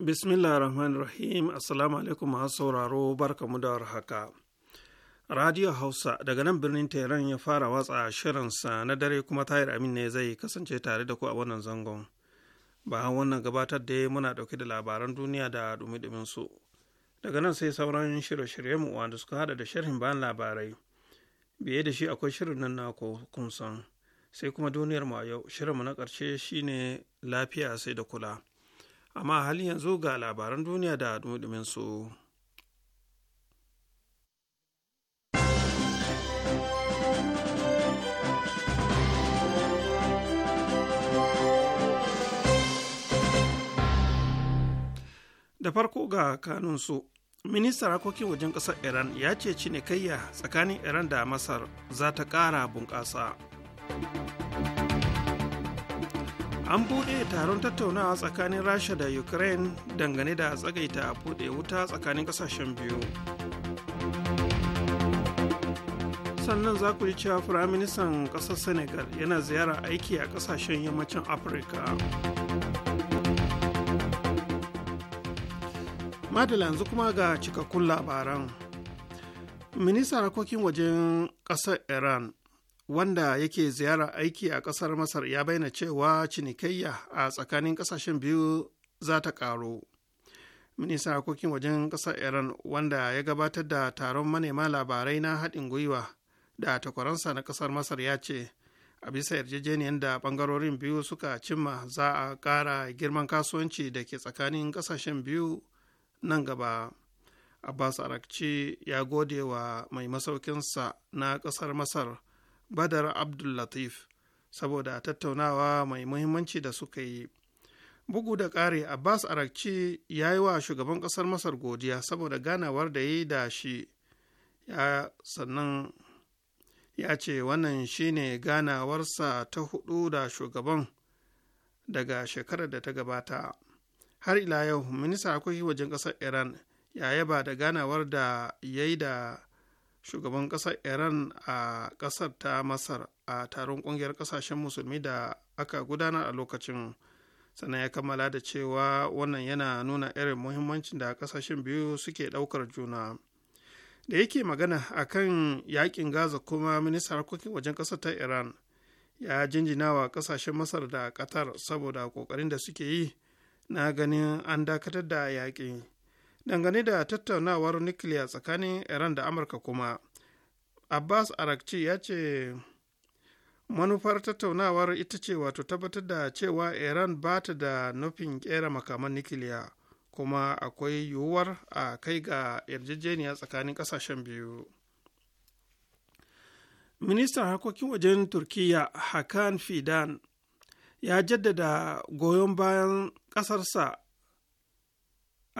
bismillah rahman rahim assalamu alaikum masu sauraro barka mu da haka radio hausa daga nan birnin tehran ya fara watsa shirinsa na dare kuma Tahir amin ne zai kasance tare da ku a wannan zangon a wannan gabatar da muna dauke da labaran duniya da dumi su daga nan sai sauran shirye mu wanda suka hada da sharhin bayan labarai biye da shi akwai shirin nan na kun san sai kuma duniyar mu a yau shirin mu na karshe shine lafiya sai da kula amma hali yanzu ga labaran duniya da dumudumin su. da farko ga kanunsu ministan harkokin wajen kasar iran ya ce cinikayya tsakanin iran da masar za ta kara bunƙasa an buɗe taron tattaunawa tsakanin rasha da ukraine dangane da tsagaita a bude wuta tsakanin ƙasashen biyu sannan za ku ji cewa firaministan ƙasar senegal yana ziyara aiki a ƙasashen yammacin afirka madala yanzu kuma ga cikakkun labaran ministan harkokin wajen ƙasar iran wanda yake ziyarar aiki a ƙasar masar ya bayyana cewa cinikayya a tsakanin ƙasashen biyu za ta ƙaru minista harkokin wajen ƙasar iran wanda ya gabatar da taron manema labarai na haɗin gwiwa da takwaransa na ƙasar masar ya ce a bisa yarjejeniyar da ɓangarorin biyu suka cimma za a ƙara girman kasuwanci da ke tsakanin ƙasashen biyu nan gaba abbas arakci ya gode wa mai masaukinsa na ƙasar masar badar abdullatif saboda tattaunawa mai muhimmanci da suka yi bugu da ƙari abbas arakci ya yi wa shugaban ƙasar masar godiya saboda ganawar da ya yi da shi ya sannan ya ce wannan shine ganawarsa ta hudu da shugaban daga shekarar da ta gabata har ila yau minista harkokin wajen ƙasar iran ya yaba da ganawar da ya yi da shugaban ƙasar iran a ƙasar ta masar a taron ƙungiyar ƙasashen musulmi da aka gudana a lokacin sannan ya kammala da cewa wannan yana nuna irin muhimmancin da ƙasashen biyu suke ɗaukar juna da yake magana a kan yaƙin gaza kuma ministan harkokin wajen ƙasar ta iran ya jinjina wa ƙasashen masar da qatar saboda ƙoƙarin da suke yi na ganin an dakatar da yaƙi dangane da tattaunawar nukiliya tsakanin iran da amurka kuma abbas arakci ya ce manufar tattaunawar ita ce wato tabbatar da cewa iran ba ta da nufin kera makaman nukiliya kuma akwai yiwuwar a kai ga yarjejeniya tsakanin kasashen biyu ministan harkokin wajen turkiya hakan fidan ya jaddada goyon bayan kasarsa.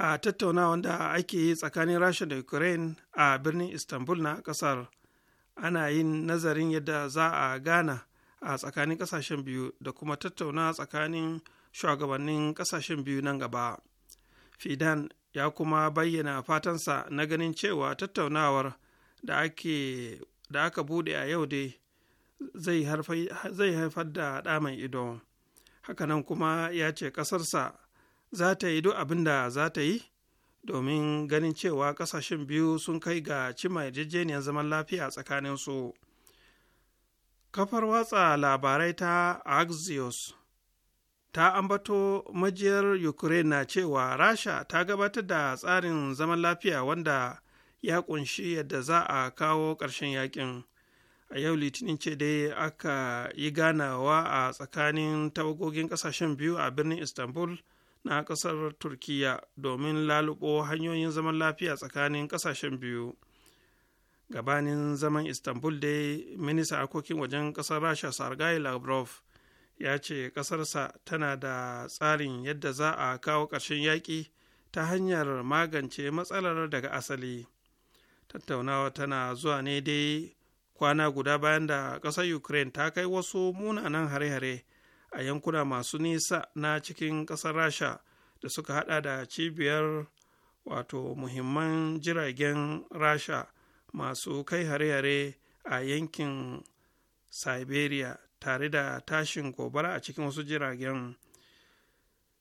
a tattauna da ake yi tsakanin rasha da ukraine a birnin istanbul na kasar ana yin nazarin yadda za a gana a tsakanin kasashen biyu da kuma tattauna tsakanin shugabannin kasashen biyu nan gaba fidan ya kuma bayyana fatansa na ganin cewa tattaunawar da aka bude a yau dai zai haifar da ɗaman ido hakanan kuma ya ce ƙasarsa za ta yi duk abin da za ta yi domin ganin cewa kasashen biyu sun kai ga cima yarjejeniyar zaman lafiya tsakaninsu kafar watsa labarai ta axios ta ambato majiyar ukraine na cewa rasha ta gabatar da tsarin zaman lafiya wanda ya kunshi yadda za a kawo ƙarshen yakin a yau litinin ce dai aka yi ganawa a tsakanin tawagogin ƙasashen biyu a birnin istanbul na ƙasar turkiya domin lalubo hanyoyin zaman lafiya tsakanin ƙasashen biyu gabanin zaman istanbul dai minista harkokin wajen ƙasar rasha sargai lavrov ya ce ƙasarsa tana da tsarin yadda za a kawo ƙarshen yaƙi ta hanyar magance matsalar daga asali tattaunawa tana zuwa ne dai kwana guda bayan da ƙasar ukraine ta kai wasu munanan hare-hare a yankuna masu nisa na cikin ƙasar rasha da suka hada da cibiyar wato muhimman jiragen rasha masu kai hare-hare a yankin siberia tare da tashin gobara a cikin wasu jiragen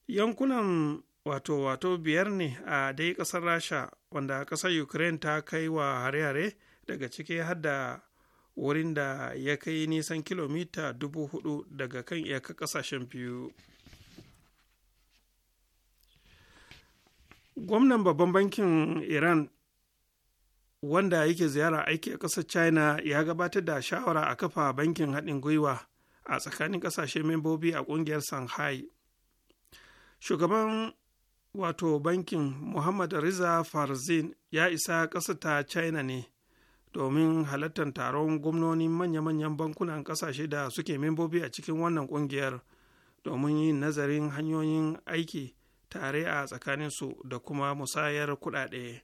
yankunan wato wato biyar ne a dai ƙasar rasha wanda ƙasar ukraine ta kai wa hare-hare daga ciki hada wurin da ya kai nisan kilomita dubu hudu daga kan iyakar kasashen biyu gwamnan babban bankin iran wanda yake ziyara aiki a ƙasar china ya gabatar da shawara a kafa bankin haɗin gwiwa a tsakanin ƙasashen membobi a ƙungiyar shanghai shugaban wato bankin muhammad riza farzin ya isa ƙasar ta china ne domin halartar taron gwamnonin manya-manyan bankunan kasashe da suke membobi a cikin wannan kungiyar domin yin nazarin hanyoyin aiki tare a tsakaninsu da kuma musayar kuɗaɗe.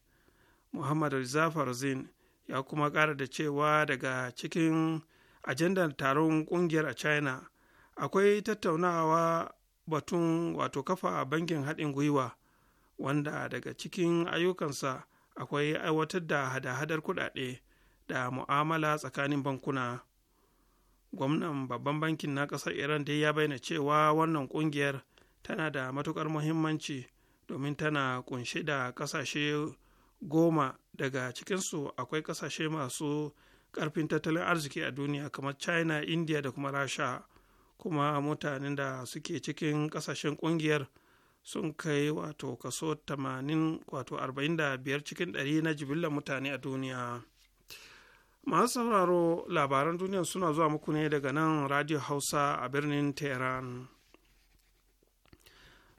Muhammad Zafar Zin ya kuma kara da cewa daga cikin ajandar taron kungiyar a China akwai tattaunawa batun wato kafa bankin haɗin gwiwa wanda daga cikin ayyukansa akwai aiwatar da hada-hadar kuɗaɗe da mu'amala tsakanin bankuna gwamnan babban bankin na ƙasar iran dai ya bayyana cewa wannan ƙungiyar tana da matukar muhimmanci domin tana kunshe da ƙasashe goma daga cikinsu akwai ƙasashe masu karfin tattalin arziki a duniya kamar china india da kuma rasha kuma mutanen da suke cikin kasashen ƙungiyar sun kai wato kaso 80 wato 45 cikin 100 na jibillar mutane a duniya masu sauraro labaran duniya suna zuwa muku ne daga nan radio hausa a birnin tehran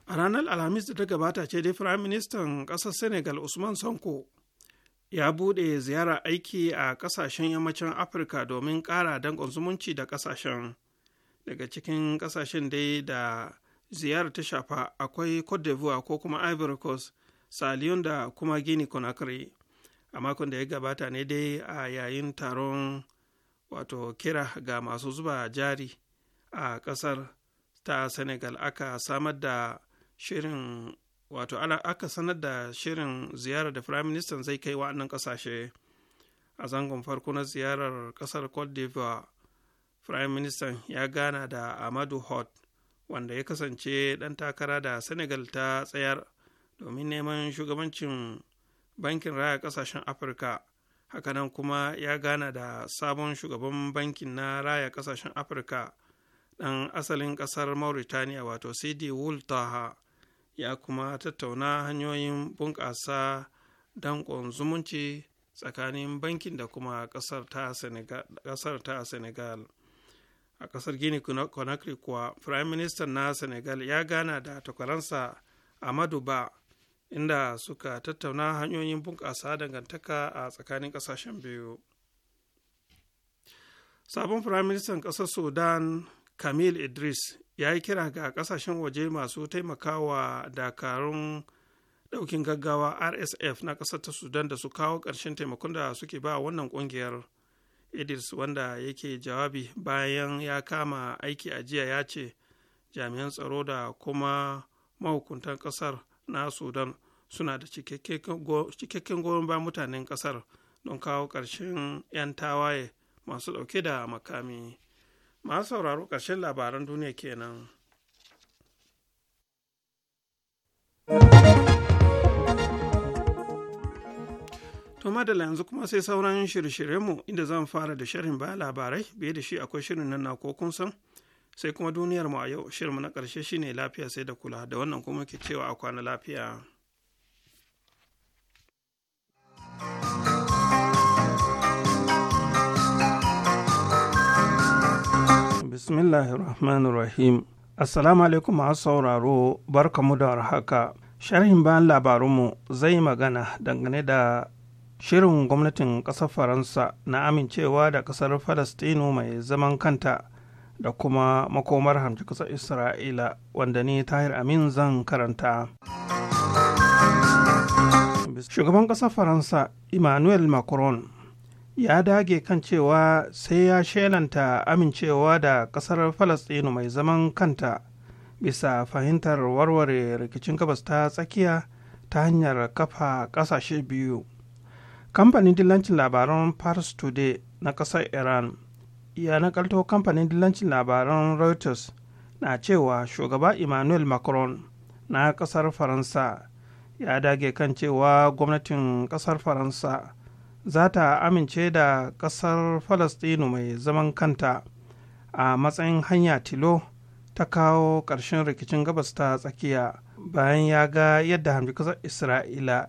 a ranar alhamis da ta gabata ce dai firayim ministan ƙasar senegal usman sanko ya buɗe ziyara aiki a ƙasashen yammacin afirka domin ƙara danƙon zumunci da ƙasashen daga cikin ƙasashen dai da ziyarar ta shafa akwai cote d'ivoire ko kuma ivory coast saliyon da kuma guinea conakry a makon da ya gabata ne dai a yayin taron wato kira ga masu zuba jari a ƙasar ta senegal aka samar da shirin wato aka sanar da shirin ziyarar da firayim ministan zai kai wa'annan ƙasashe a zangon farko na ziyarar ƙasar cote d'ivoire firayim ministan ya gana da amadu hot wanda ya kasance ɗan takara da senegal ta tsayar domin neman shugabancin bankin raya kasashen afirka hakanan kuma ya gana da sabon shugaban bankin na raya kasashen afirka ɗan asalin ƙasar mauritaniya wato sidi wultaha ya kuma tattauna hanyoyin bunƙasa danƙon zumunci tsakanin bankin da kuma ƙasar ta senegal a ƙasar gini conakry kuwa prime minister na senegal ya gana da takwaransa amadu ba inda suka tattauna hanyoyin bunƙasa dangantaka a tsakanin ƙasashen biyu sabon firaministan ƙasar sudan kamil idris ya yi kira ga ƙasashen waje masu taimakawa dakarun ɗaukin gaggawa rsf na ƙasar ta sudan da su kawo ƙarshen taimakon da suke ba wannan ƙungiyar idris wanda yake jawabi bayan ya kama aiki a jiya ya ce jami'an tsaro da kuma mahukuntan ƙasar na sudan suna da cikakken goyon bayan mutanen kasar don kawo ƙarshen 'yan tawaye masu ɗauke da makami masu sauraro ƙarshen labaran duniya kenan. To madala yanzu kuma sai sauran shirye-shiryenmu inda zan fara da sharhin baya labarai biye da shi akwai shirin nan na ko kun san sai kuma duniyar mu a yau shirinmu na ƙarshe shine lafiya sai da kula da wannan kuma ke cewa a kwana lafiya Bismillahirrahmanirrahim rahim assalamu alaikum masu sauraro barkamu da warhaka sharhin bayan labarunmu zai magana dangane da shirin gwamnatin ƙasar faransa na amincewa da ƙasar falastinu mai zaman kanta da kuma makomar hamci ƙasar isra'ila wanda ni tahir amin zan karanta shugaban ƙasar faransa emmanuel macron ya dage kan cewa sai ya shelanta amincewa da ƙasar falastinu mai zaman kanta bisa fahimtar warware rikicin gabas ta tsakiya ta hanyar kafa ƙasashe biyu kamfanin dillancin labaran Paris today na ƙasar iran ya nakalto kamfanin dillancin labaran reuters na cewa shugaba emmanuel macron na kasar faransa ya dage kan cewa gwamnatin kasar faransa za ta amince da kasar falastinu mai zaman kanta a matsayin hanya tilo ta kawo ƙarshen rikicin gabas ta tsakiya bayan ya ga yadda hamji kasar isra'ila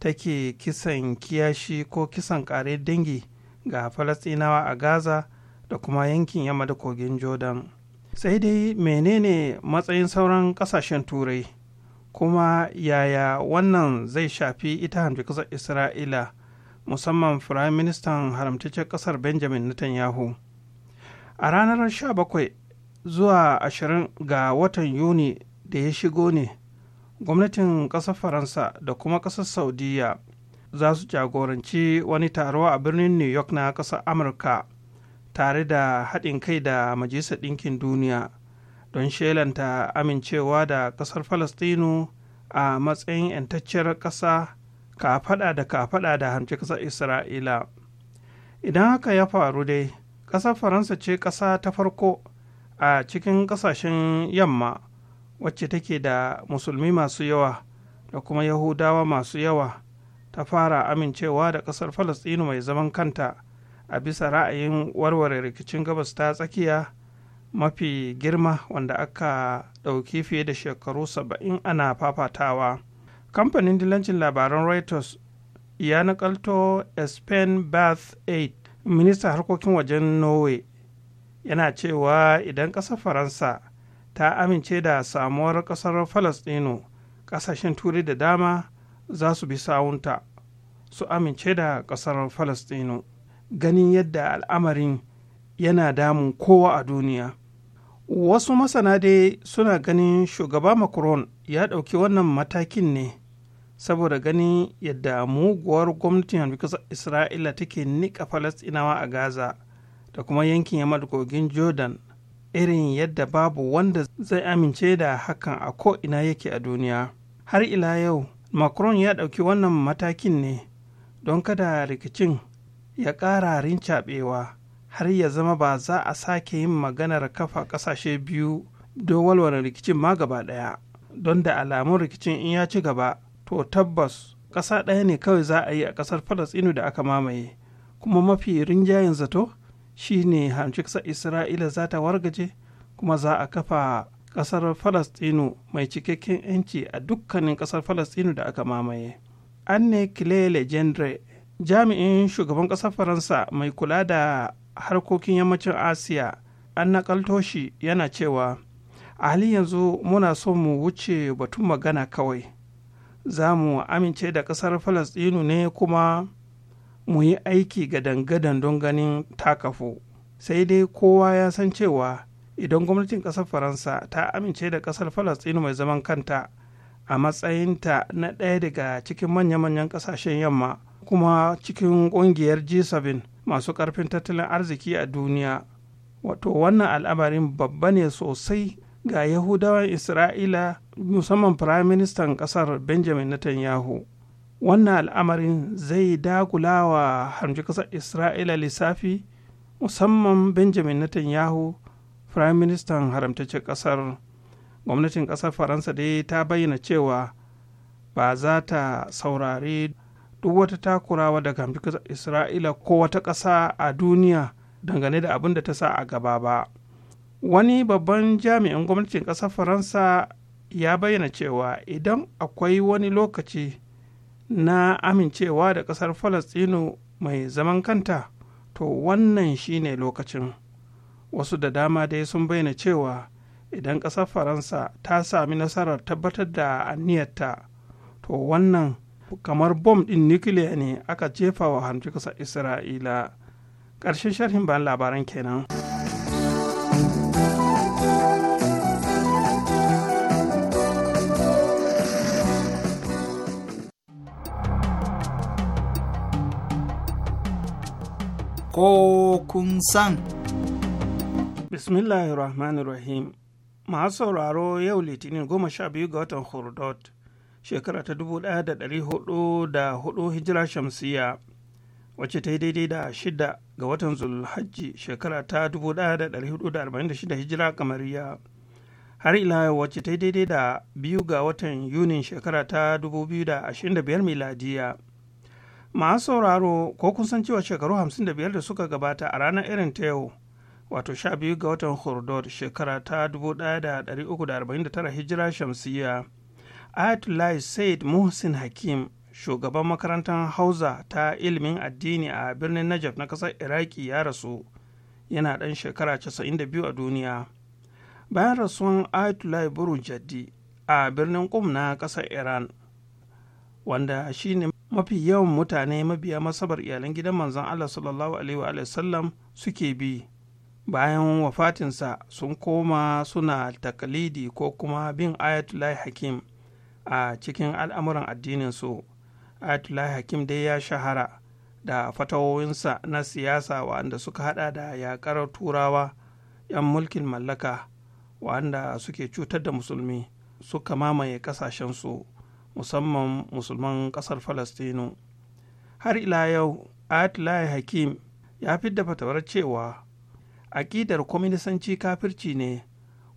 take kisan kiyashi ko kisan ƙare dangi ga falastinawa a gaza da kuma yankin yamma da kogin jordan sai dai menene matsayin sauran kasashen turai kuma yaya wannan zai shafi ita hamji kasar isra'ila musamman firayim ministan haramtaccen kasar benjamin netanyahu a ranar 17 zuwa 20 ga watan yuni da ya shigo ne gwamnatin kasar faransa da kuma kasar saudiya za su jagoranci wani taro a birnin new york na kasar amurka tare da haɗin kai da majalisar ɗinkin duniya don shelanta amincewa da ƙasar falastinu a matsayin 'yantacciyar ƙasa ka faɗa da kafaɗa da hamci ƙasar isra'ila idan haka ya faru dai ƙasar faransa ce ƙasa ta farko a cikin ƙasashen yamma wacce take da musulmi masu yawa da kuma yahudawa masu yawa ta fara amincewa da ƙasar falastinu mai zaman kanta a bisa ra'ayin warware rikicin gabas ta tsakiya mafi girma wanda aka ɗauki fiye da shekaru saba'in ana fafatawa kamfanin dilancin labaran reuters ya nakalto spain bath 8 ministan harkokin wajen norway yana cewa idan ƙasar faransa ta amince da samuwar ƙasar falastino ƙasashen turai da dama za su bi sawunta su amince da ƙasar falastino ganin yadda al'amarin yana damun kowa a duniya wasu masana dai suna ganin shugaba macron ya ɗauki wannan matakin ne saboda ganin yadda muguwar gwamnatin hamdukasar isra'ila take niƙa falastinawa a gaza da kuma yankin yamma kogin jordan irin yadda babu wanda zai amince da hakan a ko'ina yake a duniya har ila yau macron ya ɗauki wannan matakin ne don kada rikicin ya ƙara rincaɓewa har ya zama ba za a sake yin maganar kafa ƙasashe biyu don walwala rikicin ma gaba ɗaya don da alamun rikicin in ya ci gaba to tabbas ƙasa ɗaya ne kawai za a yi a ƙasar falastinu da aka mamaye kuma mafi rinjayen zato Shi shine hamshiksa isra'ila za ta wargaje kuma za a kafa ƙasar falastinu mai cikakken 'yanci a dukkanin ƙasar falastinu da aka mamaye anne kile legendre jami'in shugaban ƙasar faransa mai kula da harkokin yammacin asiya an nakalto shi yana cewa a halin yanzu muna so mu wuce batun magana kawai za mu amince da ƙasar falastinu ne kuma mu yi aiki ga dangadan don ganin takafu sai dai kowa ya san cewa idan gwamnatin ƙasar faransa ta amince da ƙasar falastinu mai zaman kanta a matsayinta na ɗaya daga cikin manya-manyan ƙasashen yamma kuma cikin ƙungiyar g7 masu ƙarfin tattalin arziki a duniya wato wannan al'amarin babba ne sosai ga yahudawan isra'ila musamman firaministan ƙasar benjamin netanyahu wannan al'amarin zai dakulawa harmji ƙasar isra'ila lissafi musamman benjamin netanyahu firaministan haramtaccen ƙasar gwamnatin ƙasar faransa dai ta bayyana cewa ba za ta saurari duk wata takurawa daga amurka isra'ila ko wata ƙasa a duniya dangane da abin da ta sa a gaba ba wani babban jami'in gwamnatin ƙasar faransa ya bayyana cewa idan akwai wani lokaci na amincewa da ƙasar falastino mai zaman kanta to wannan shine lokacin wasu da dama dai sun bayyana cewa idan ƙasar faransa ta sami nasarar tabbatar da aniyarta to wannan kamar bom ɗin nukiliya ne aka jefa wa harbi ƙasar isra'ila ƙarshen sharhin bayan labaran kenan. ko kun san. Bismillahirrahmanirrahim. masu sauraro yau litinin goma sha biyu ga watan hurdot shekara ta dubu ɗaya da ɗari hudu da hudu hijira shamsiya wacce ta yi daidai da shida ga watan zulhajji shekara ta dubu ɗaya da ɗari hudu da arba'in da shida hijira kamariya har ila wacce ta yi daidai da biyu ga watan yunin shekara ta dubu biyu da ashirin da biyar miladiya masu sauraro ko kun san cewa shekaru hamsin da biyar da suka gabata a ranar irin ta yau wato sha biyu ga watan hurdod shekara ta 1349 hijira Shamsiyya, ayatollah said muhsin hakim shugaban makarantar hausa ta ilimin addini a birnin najaf na kasar iraki ya rasu yana ɗan shekara 92 a duniya bayan rasuwan ayatollah buru jaddi a birnin kum na ƙasar iran wanda shine mafi yawan mutane mabiya masabar iyalan gidan manzon allah sallallahu alaihi wa sallam suke bi bayan wafatinsa sun koma suna takalidi ko kuma bin ayatullahi hakim a cikin al'amuran addininsu ayatullahi hakim dai ya shahara da fatawoyinsa na siyasa wa'anda suka hada da yakar turawa 'yan mulkin mallaka wa'anda suke cutar da musulmi suka mamaye ƙasashensu, musamman musulman ƙasar falastinu har ila yau ayatullahi hakim ya fidda fatawar cewa aƙidar kwaminisanci kafirci ne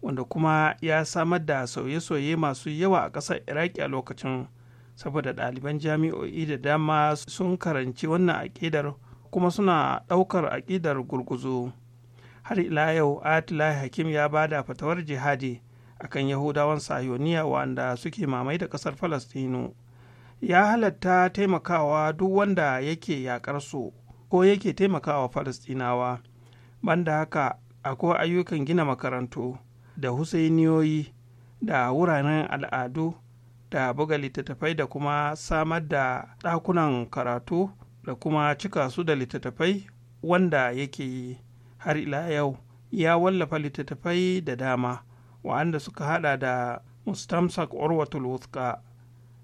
wanda kuma ya samar da sauye-sauye masu yawa a ƙasar iraki a lokacin saboda ɗaliban jami'o'i da dama sun karanci wannan aƙidar kuma suna ɗaukar aƙidar gurguzu har ila yau atila hakim ya ba da fatawar jihadi a kan yahudawan sayoniya wanda suke mamai da ƙasar falastinu ya halatta taimakawa duk wanda yake yaƙar ko yake taimakawa falastinawa banda haka akwai ayyukan gina makarantu da husainiyoyi da wuraren al'adu da buga littattafai da kuma samar da ɗakunan karatu da kuma cika su da littattafai wanda yake yi har ila yau ya wallafa littattafai da dama wa'anda suka hada da mustamsak orwatul wuthqa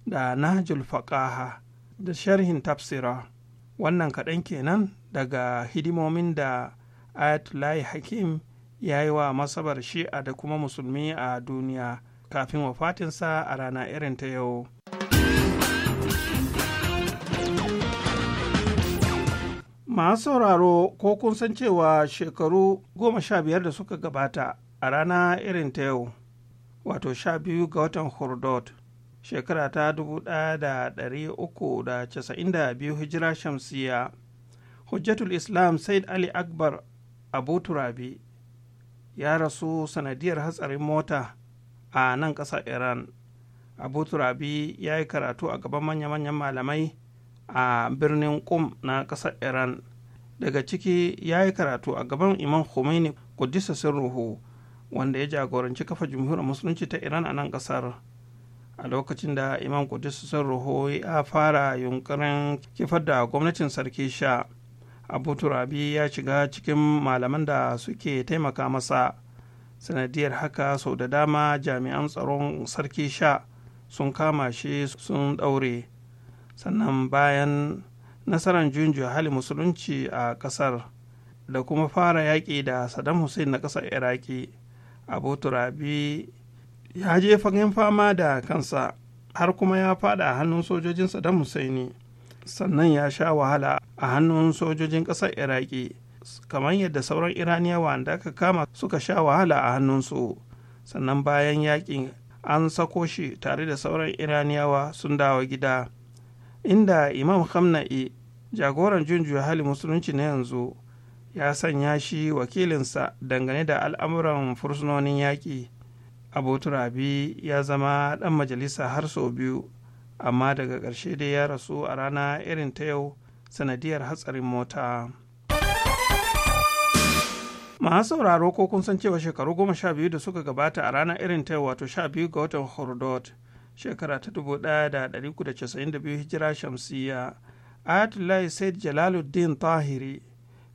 da nahjul faqaha da sharhin tafsira wannan kaɗan kenan daga hidimomin da ayatullahi hakim ya yi wa masabar shi'a da kuma musulmi a duniya kafin wafatinsa a rana irin ta yau masu sauraro ko kun san cewa shekaru goma sha biyar da suka gabata a rana irin ta yau wato sha biyu ga watan hurdot shekara ta biyu hijira shamsiya hujjatul islam said ali akbar abu turabe ya rasu sanadiyar hatsarin mota a nan ƙasar iran abu turabe ya yi karatu a gaban manya-manyan malamai a birnin kum na ƙasar iran daga ciki ya yi karatu a gaban imam khomeini kudisa Ruhu wanda ya jagoranci kafa jumhuriyar musulunci ta iran a nan ƙasar a lokacin da imam kudisa Ruhu ya fara yunkurin kifar da gwamnatin sarki sha abu turabi ya shiga cikin malaman da suke taimaka masa sanadiyar haka sau da dama jami'an tsaron sarki sha sun kama shi sun ɗaure sannan bayan nasarar junju hali musulunci a ƙasar da kuma fara yaƙi da saddam hussein na ƙasar iraki abu turabi ya je fagen fama da kansa har kuma ya fada a hannun sojojin saddam hussein sannan ya sha wahala a hannun sojojin ƙasar iraki kamar yadda sauran iraniyawa da aka kama suka sha wahala a hannunsu sannan bayan yakin an sako shi tare da sauran iraniyawa sun dawo gida inda imam hamna'i jagoran junjuya hali musulunci na yanzu ya sanya shi wakilinsa dangane da al'amuran fursunonin yaƙi abu turabi ya zama ɗan majalisa har sau biyu amma daga ƙarshe dai ya rasu a rana irin ta yau sanadiyar hatsarin mota masu sauraro ko kun san cewa shekaru goma sha biyu da suka gabata a ranar irin ta wato sha biyu ga watan hordot shekara ta dubu ɗaya da ɗari kuda casa'in da biyu hijira shamsiya ayatollah said jalaluddin tahiri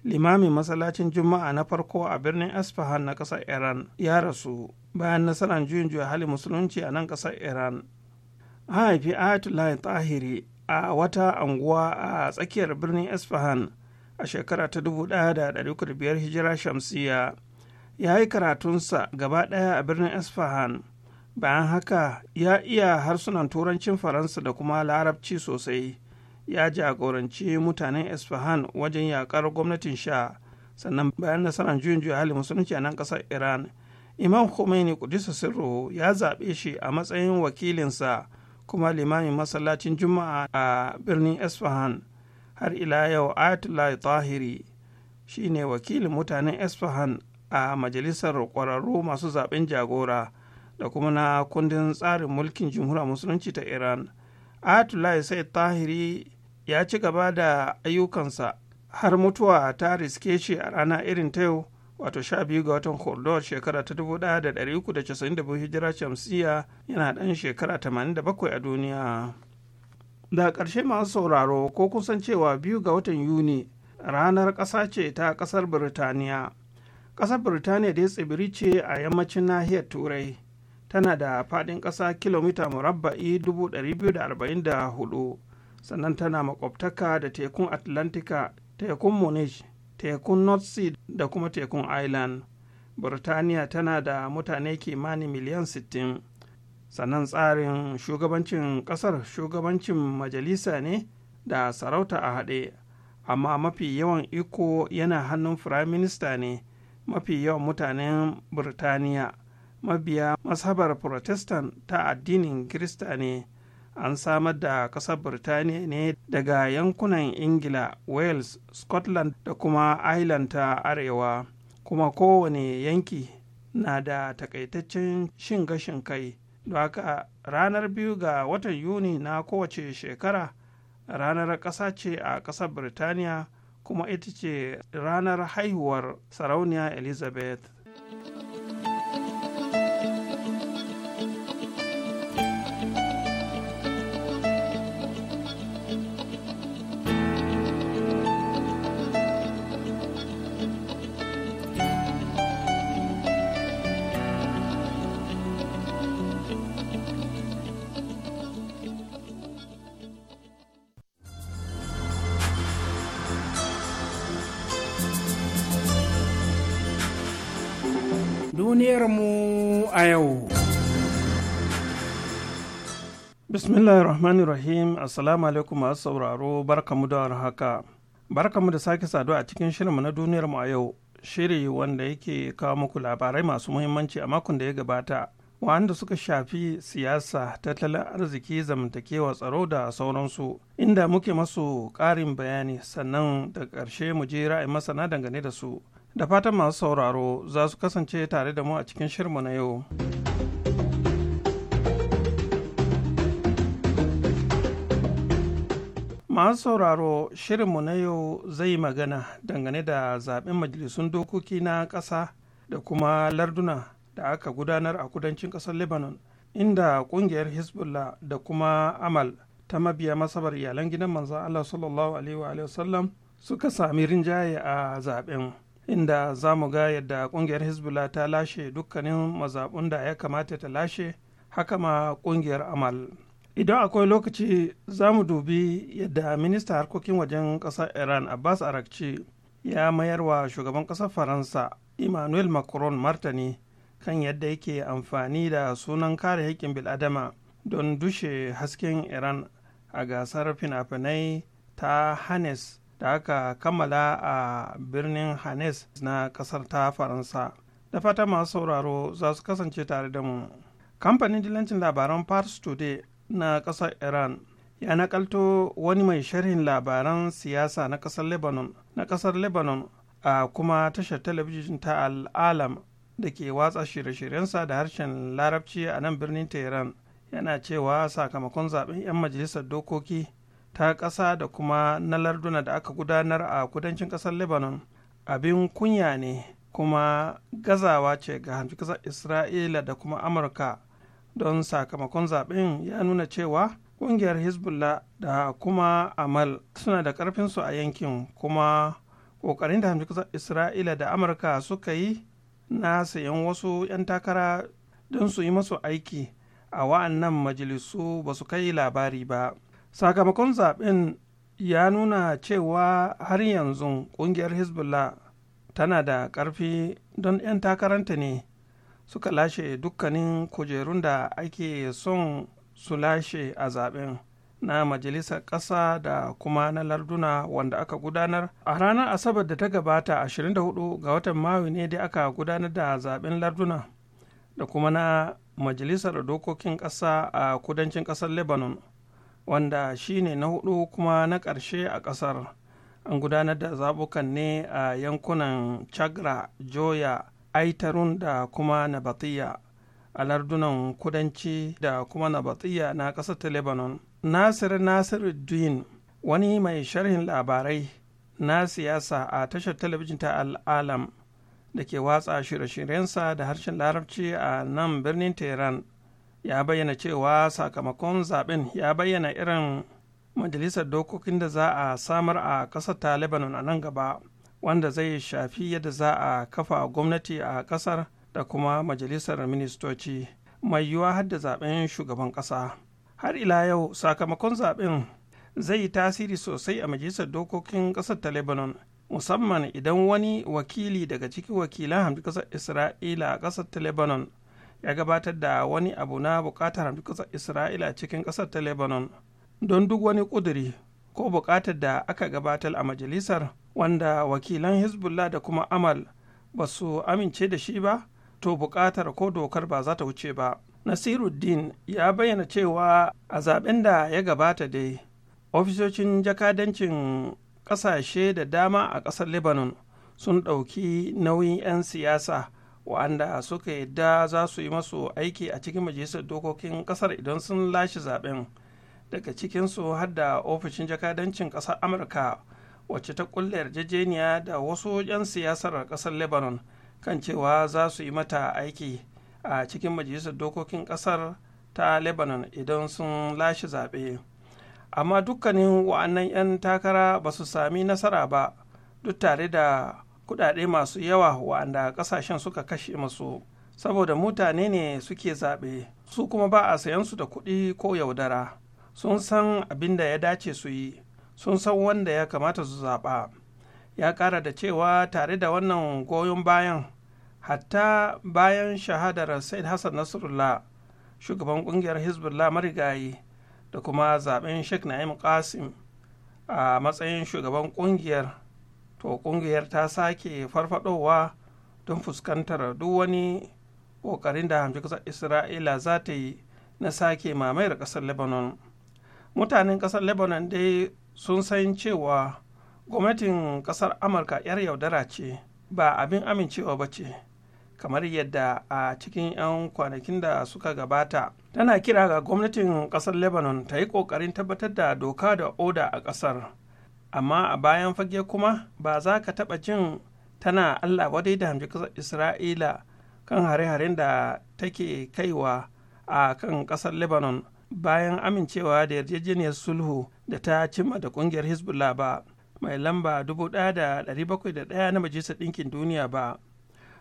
limamin masallacin juma'a na farko a birnin asfahan na ƙasar iran ya rasu bayan nasarar juyin juya hali musulunci a nan ƙasar iran Mahaifi ayatollah tahiri a wata anguwa a tsakiyar birnin isfahan a shekara ta 1500 hijira shamsiya ya yi karatunsa gaba ɗaya a birnin isfahan bayan haka ya iya harsunan turancin faransa da kuma larabci sosai ya jagoranci mutanen isfahan wajen yakar gwamnatin sha sannan bayan nasarar juyin juya hali musulunci a nan ƙasar iran imam khomeini kudisa sirru ya zaɓe shi a matsayin wakilinsa kuma limamin masallacin juma'a a birnin Esfahan har ila yau Ayatollah Tahiri shine wakilin mutanen Esfahan a majalisar ƙwararru masu zaben jagora da kuma na kundin tsarin mulkin jamhuriyar musulunci ta Iran. Ayatollah sai Tahiri ya ci gaba da ayyukansa har mutuwa ta riske shi a rana irin ta yau wato sha biyu ga watan hordor shekara ta dubu ɗaya da ɗari uku da casa'in da hijira shamsiya yana ɗan shekara tamanin da bakwai a duniya da ƙarshe masu sauraro ko kusan cewa biyu ga watan yuni ranar ƙasa ce ta ƙasar birtaniya ƙasar birtaniya dai tsibiri ce a yammacin nahiyar turai tana da faɗin ƙasa kilomita murabba'i hudu, sannan tana makwabtaka da tekun atlantika tekun munich tekun north sea da kuma tekun ireland burtaniya tana da mutane kimanin miliyan 60 sannan tsarin shugabancin kasar shugabancin majalisa ne da sarauta a haɗe amma mafi yawan iko yana hannun firaminista ne mafi yawan mutanen burtaniya mabiya mas'abar protestant ta addinin kirista ne an samar da ƙasar birtaniya ne daga yankunan ingila wales scotland da kuma ireland ta arewa kuma kowane yanki na da takaitaccen shin gashin kai don haka ranar biyu ga watan yuni na kowace shekara ranar ƙasa ce a ƙasar birtaniya kuma ita ce ranar haihuwar sarauniya elizabeth mu a yau. Bismillahir Rahmanir Rahim, Assalamu alaikum masu sauraro, barkamu da haka. Barkamu da sake saduwa a cikin shirinmu na mu a yau, shiri wanda yake kawo muku labarai masu muhimmanci a makon da ya gabata, wanda suka shafi siyasa, tattalin arziki, zamantakewa, tsaro da sauransu, inda muke masu ƙarin bayani sannan da ƙarshe mu je ra'ayin masana dangane da su. da fatan masu sauraro za su kasance tare da mu a cikin shirmu na yau. masu sauraro shirinmu na yau zai magana dangane da zaben majalisun dokoki na ƙasa da kuma larduna da aka gudanar a kudancin ƙasar lebanon inda ƙungiyar hezbollah da kuma amal ta mabiya masabar iyalan gidan manzan allah sallallahu alaihi wa suka sami rinjaye a zaben inda za mu ga yadda kungiyar hezbollah ta lashe dukkanin mazaɓun da ya kamata ta lashe haka ma kungiyar amal idan akwai lokaci za mu dubi yadda minista harkokin wajen ƙasar iran abbas arakci ya mayar wa shugaban ƙasar faransa emmanuel macron martani kan yadda yake amfani da sunan kare haƙƙin bil'adama don dushe hasken iran a gasar fina-finai ta hannes da aka kammala a birnin hannes na kasar ta faransa da fata masu sauraro za su kasance tare da mu kamfanin dilancin labaran pars today na kasar iran ya nakalto wani mai sharhin labaran siyasa na kasar lebanon na kasar lebanon a kuma tashar talabijin ta al'alam da ke watsa shirye-shiryensa da harshen larabci a nan birnin tehran yana cewa sakamakon zaben 'yan majalisar dokoki ta ƙasa da kuma na larduna da aka gudanar a kudancin ƙasar lebanon abin kunya ne kuma gazawa ce ga hamshi isra'ila da kuma amurka don sakamakon zaɓen ya nuna cewa ƙungiyar hezbollah da kuma amal suna da ƙarfinsu a yankin kuma ƙoƙarin da hamshi isra'ila da amurka suka yi na sayan wasu 'yan takara don su yi masu aiki a wa'annan majalisu ba su kai labari ba sakamakon zaben ya nuna cewa har yanzu kungiyar hezbollah tana da ƙarfi don 'yan takaranta ne suka lashe dukkanin kujerun da ake son su lashe a zaben na majalisar ƙasa da kuma na larduna wanda aka gudanar a ranar asabar da ta gabata 24 ga watan mayu ne da aka gudanar da zaben larduna da kuma na majalisar dokokin ƙasa a kudancin ƙasar lebanon wanda shi ne na hudu kuma na ƙarshe a ƙasar an gudanar da zabukan ne a yankunan chagra joya aitarun da kuma nabatiya a lardunan kudanci da kuma nabatiya na ƙasar ta lebanon nasir nasir duin wani mai sharhin labarai na siyasa a tashar talabijin ta al'alam da ke watsa shirye-shiryensa da harshen larabci a nan birnin tehran ya bayyana cewa sakamakon zaben ya bayyana irin majalisar dokokin da za a samar a ƙasar ta lebanon a nan gaba wanda zai shafi yadda za a kafa gwamnati a ƙasar da kuma majalisar ministoci mai yiwuwa hadda zaben shugaban ƙasa har ila yau sakamakon zaben zai yi tasiri sosai a majalisar dokokin ƙasar ta lebanon musamman idan wani wakili daga cikin wakilan hamdu ƙasar isra'ila a ƙasar ta lebanon ya gabatar da wani abu na bukatar hamdu isra'ila cikin ƙasar ta lebanon don duk wani ƙuduri ko bukatar da aka gabatar a majalisar wanda wakilan hezbollah da kuma amal ba su amince da shi ba to bukatar ko dokar ba za ta wuce ba nasiruddin ya bayyana cewa a zaben da ya gabata dai ofisoshin jakadancin ƙasashe da dama a ƙasar lebanon sun ɗauki nauyin 'yan siyasa wa'anda suka yadda za su yi masu aiki a cikin majalisar dokokin kasar idan sun lashe zaben daga cikinsu har da ofishin jakadancin kasar amurka wacce ta kulle yarjejeniya da wasu 'yan siyasar kasar lebanon kan cewa za su yi mata aiki a cikin majalisar dokokin kasar ta lebanon idan sun lashe zaɓe amma dukkanin wa'annan 'yan takara ba su sami nasara ba duk tare da Kudade masu yawa wa'anda kasashen suka kashe masu saboda mutane ne suke zaɓe su kuma ba a sayan su da kuɗi ko yaudara sun san abin da ya dace su yi sun san wanda ya kamata su zaɓa ya ƙara da cewa tare da wannan goyon bayan hatta bayan shahadar said hassan nasrullah shugaban ƙungiyar hezbollah marigayi da kuma zaɓen sheikh na'im qasim a matsayin shugaban ƙungiyar to ƙungiyar ta sake farfadowa don fuskantar duk wani ƙoƙarin da hamshi ƙasar isra'ila za ta yi na sake mamayar ƙasar lebanon mutanen ƙasar lebanon dai sun san cewa gwamnatin ƙasar amurka 'yar yaudara ce ba abin amincewa ba ce kamar yadda a cikin 'yan kwanakin da suka gabata tana kira ga gwamnatin ƙasar lebanon ta yi ƙoƙarin tabbatar da doka da oda a ƙasar amma a bayan fage kuma ba za ka taɓa jin tana allah wadai da hamji isra'ila kan hare-haren da take kaiwa a kan ƙasar lebanon bayan amincewa da yarjejeniyar sulhu da ta cimma da ƙungiyar hezbollah ba mai lamba 1701 na majalisar ɗinkin duniya ba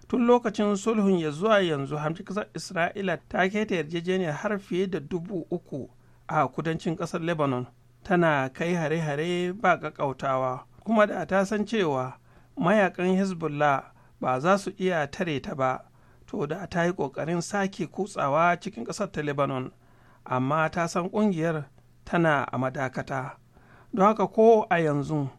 tun lokacin sulhun ya zuwa yanzu hamji ƙasar isra'ila ta keta yarjejeniyar har fiye da dubu uku a kudancin ƙasar lebanon tana kai hare-hare ba ƙaƙautawa kuma da ta san cewa mayakan hezbollah ba za su iya tare ta ba to da ta yi ƙoƙarin sake kutsawa cikin ƙasar ta lebanon amma ta san ƙungiyar tana a madakata don haka ko a yanzu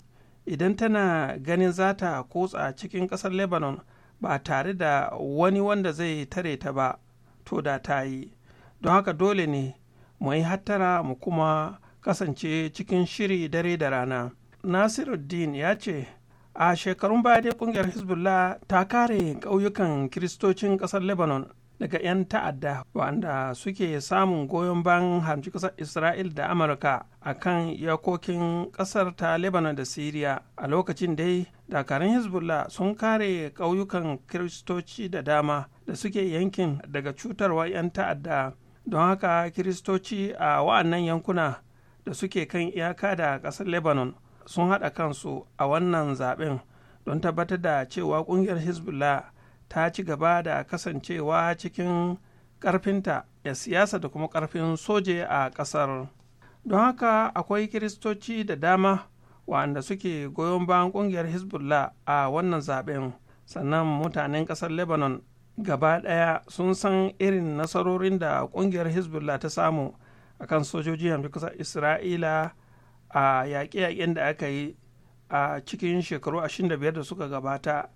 idan tana ganin za ta kutsa cikin ƙasar lebanon ba tare da wani wanda zai tare ta ba to da ta yi don haka dole ne mu yi hattara mu kuma kasance cikin shiri dare da rana nasiruddin ya ce a shekarun baya dai kungiyar hezbollah ta kare ƙauyukan kiristocin ƙasar lebanon daga 'yan ta'adda wanda suke samun goyon ban hamci ƙasar isra'il da amurka a kan yakokin ƙasar ta lebanon da syria a lokacin dai dakarun hezbollah sun kare ƙauyukan kiristoci da dama da suke yankin daga cutarwa 'yan ta'adda don haka kiristoci a wa'annan yankuna da suke kan iyaka da ƙasar lebanon sun haɗa kansu a wannan zaɓen don tabbatar da cewa ƙungiyar hezbollah ta ci gaba da kasancewa cikin ƙarfinta da siyasa da kuma ƙarfin soje a ƙasar don haka akwai kiristoci da dama waɗanda suke goyon bayan ƙungiyar hezbollah a wannan zaɓen sannan mutanen ƙasar lebanon gaba ɗaya sun san irin nasarorin da ƙungiyar hezbollah ta samu akan sojoji yanzu kusa isra'ila a yaƙe-yaƙen da aka yi a cikin shekaru 25 da suka gabata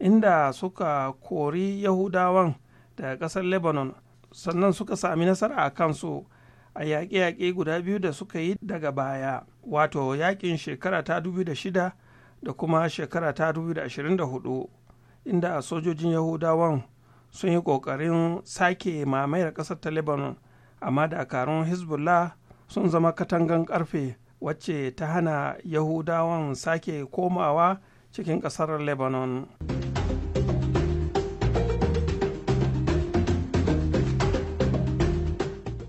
inda suka kori yahudawan daga ƙasar lebanon sannan suka sami nasara a kansu a yaƙe-yaƙe guda biyu da suka yi daga baya wato yaƙin shekara ta 2006 da kuma shekara ta 2024 inda sojojin yahudawan sun yi ƙoƙarin sake mamayar ƙasar ta lebanon amma dakarun hezbollah sun zama katangan karfe wacce ta hana yahudawan sake komawa cikin kasar lebanon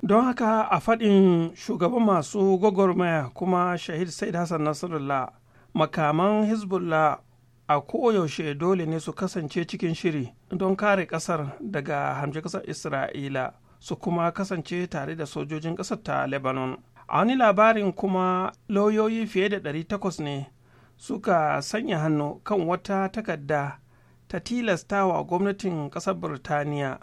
don haka a faɗin shugaban masu gwagwarmaya kuma shahid said hassan nasrullah makaman hezbollah a koyaushe dole ne su kasance cikin shiri don kare ƙasar daga hamshe ƙasar isra'ila su kuma kasance tare da sojojin ƙasar ta lebanon a wani labarin kuma lauyoyi fiye da 800 ne suka sanya hannu kan wata takarda ta tilastawa gwamnatin ƙasar birtaniya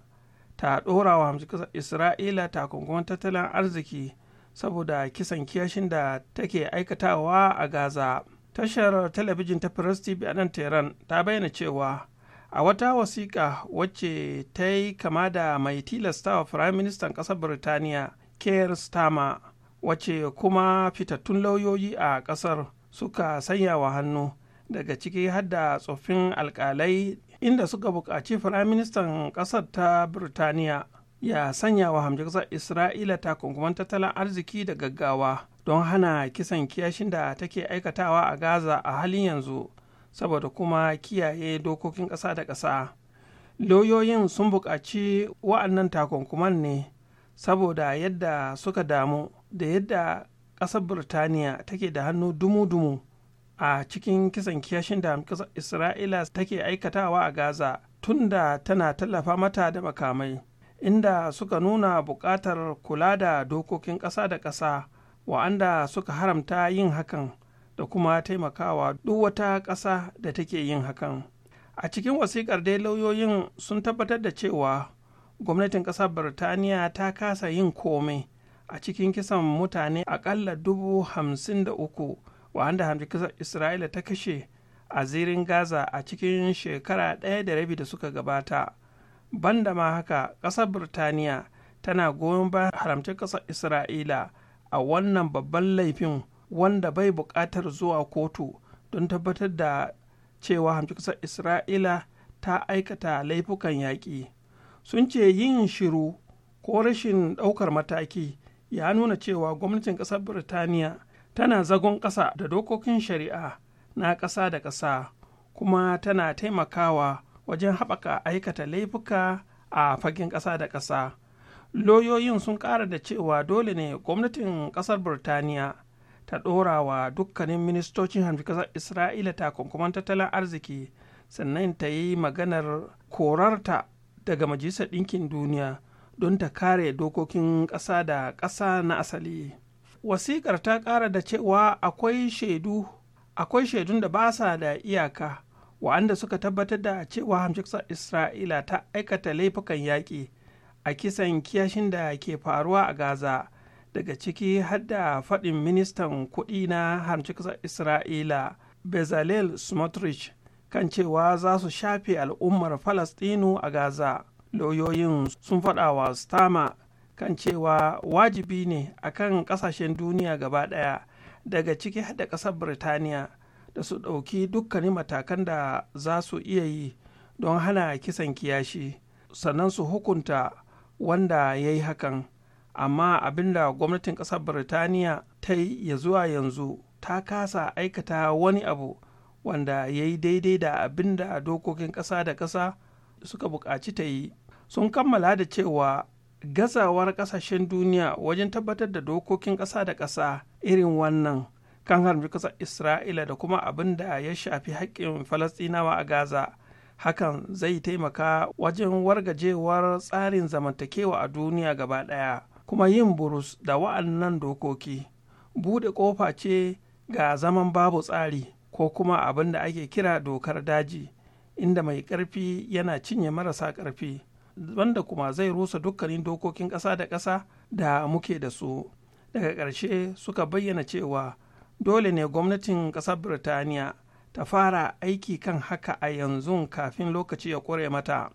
ta ɗora wa isra'ila takunkuman tattalin arziki saboda kisan kiyashin da take aikatawa a gaza tashar talabijin ta press tv a nan teran ta bayyana cewa a wata wasiƙa wacce ta yi kama da mai tilastawa firayim ministan ƙasar birtaniya keir starmer wacce kuma fitattun lauyoyi a ƙasar suka sanya wa hannu daga ciki hadda tsoffin alƙalai inda suka buƙaci firayim ministan ƙasar ta birtaniya ya sanya wa hamjikasar isra'ila takunkuman tattalin arziki da gaggawa don hana kisan kiyashin da take aikatawa a gaza a halin yanzu saboda kuma kiyaye dokokin ƙasa da ƙasa lauyoyin sun buƙaci wa'annan takunkuman ne saboda yadda suka damu da yadda ƙasar birtaniya take da hannu dumu-dumu a cikin kisan kiyashin da isra'ila take aikatawa a gaza tunda tana tallafa mata da makamai inda suka nuna buƙatar kula da dokokin ƙasa da ƙasa wa'anda suka haramta yin hakan da kuma taimakawa duk wata ƙasa da take yin hakan a cikin wasiƙar dai lauyoyin sun tabbatar da cewa gwamnatin ƙasar birtaniya ta kasa yin komai a cikin kisan mutane aƙalla dubu hamsin da uku wanda hamdukasar isra'ila ta kashe a zirin gaza a cikin shekara ɗaya da rabi da suka gabata banda ma haka ƙasar birtaniya tana goyon bayan haramcin ƙasar isra'ila a wannan babban laifin wanda bai buƙatar zuwa kotu don tabbatar da cewa hamshiksar isra'ila ta aikata laifukan yaƙi sun ce yin shiru ko rashin ɗaukar mataki ya nuna cewa gwamnatin ƙasar birtaniya tana zagon ƙasa da dokokin shari'a na ƙasa da ƙasa kuma tana taimakawa wajen haɓaka aikata laifuka a fagen ƙasa da ƙasa. Loyoyin sun ƙara da cewa dole ne gwamnatin ƙasar Birtaniya. ta ɗora wa dukkanin ministocin hanfikasar isra'ila ta takunkuman tattalin arziki sannan ta yi maganar korarta daga majalisar ɗinkin duniya don ta kare dokokin ƙasa da ƙasa na asali wasiƙar ta ƙara da cewa akwai shaidu akwai shaidun da ba sa da iyaka wa'anda suka tabbatar da cewa hamshiksar isra'ila ta aikata laifukan yaƙi a kisan kiyashin da ke faruwa a gaza daga ciki hadda faɗin ministan kuɗi na harcin ƙasar isra'ila bezalel smotrich kan cewa za su shafe al'ummar falastinu a gaza lauyoyin sun faɗa wa stama kan cewa wajibi ne a kan ƙasashen duniya gaba ɗaya daga ciki hada ƙasar birtaniya da su ɗauki dukkanin matakan da za su iya yi don hana kisan kiyashi sannan su hukunta wanda ya yi hakan amma abin da gwamnatin ƙasar birtaniya ta yi ya zuwa yanzu ta kasa aikata wani abu wanda ya yi daidai da abin da dokokin ƙasa da ƙasa suka buƙaci ta yi sun kammala da cewa gazawar ƙasashen duniya wajen tabbatar da dokokin ƙasa da ƙasa irin wannan kan harbi ƙasar isra'ila da kuma abin da ya shafi haƙƙin falastinawa a gaza hakan zai taimaka wajen wargajewar tsarin zamantakewa a duniya gaba ɗaya kuma yin burus da wa'annan dokoki buɗe ƙofa ce ga zaman babu tsari ko kuma abin da ake kira dokar daji inda mai ƙarfi yana cinye marasa ƙarfi wanda kuma zai rusa dukkanin dokokin ƙasa da ƙasa da muke da su daga ƙarshe suka bayyana cewa dole ne gwamnatin ƙasar birtaniya ta fara aiki kan haka a yanzu kafin lokaci ya ƙure mata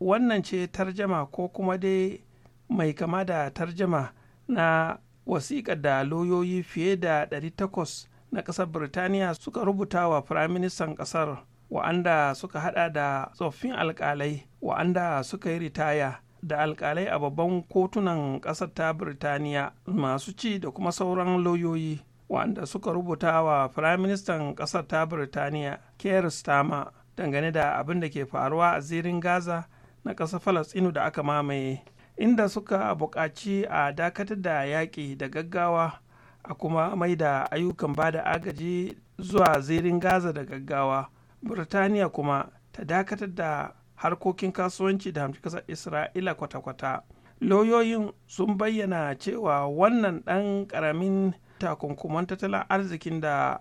wannan ce tarjama ko kuma dai mai kama da tarjama na wasiƙa da lauyoyi fiye da 800 na ƙasar birtaniya suka rubuta wa firaministan ƙasar wa'anda suka hada da tsoffin alƙalai wa'anda suka yi ritaya da alƙalai a babban kotunan ƙasar ta birtaniya masu ci da kuma sauran lauyoyi wa'anda suka rubuta wa firaministan ƙasar ta birtaniya keir starmer dangane da abin da ke faruwa a zirin gaza na ƙasar falasɗinu da aka mamaye inda suka buƙaci a dakatar da yaƙi da gaggawa a kuma mai da ayyukan ba da agaji zuwa zirin gaza da gaggawa birtaniya kuma ta dakatar da harkokin kasuwanci da hamshi kasar isra'ila kwata-kwata lauyoyin sun bayyana cewa wannan ɗan karamin takunkuman tattalin arzikin da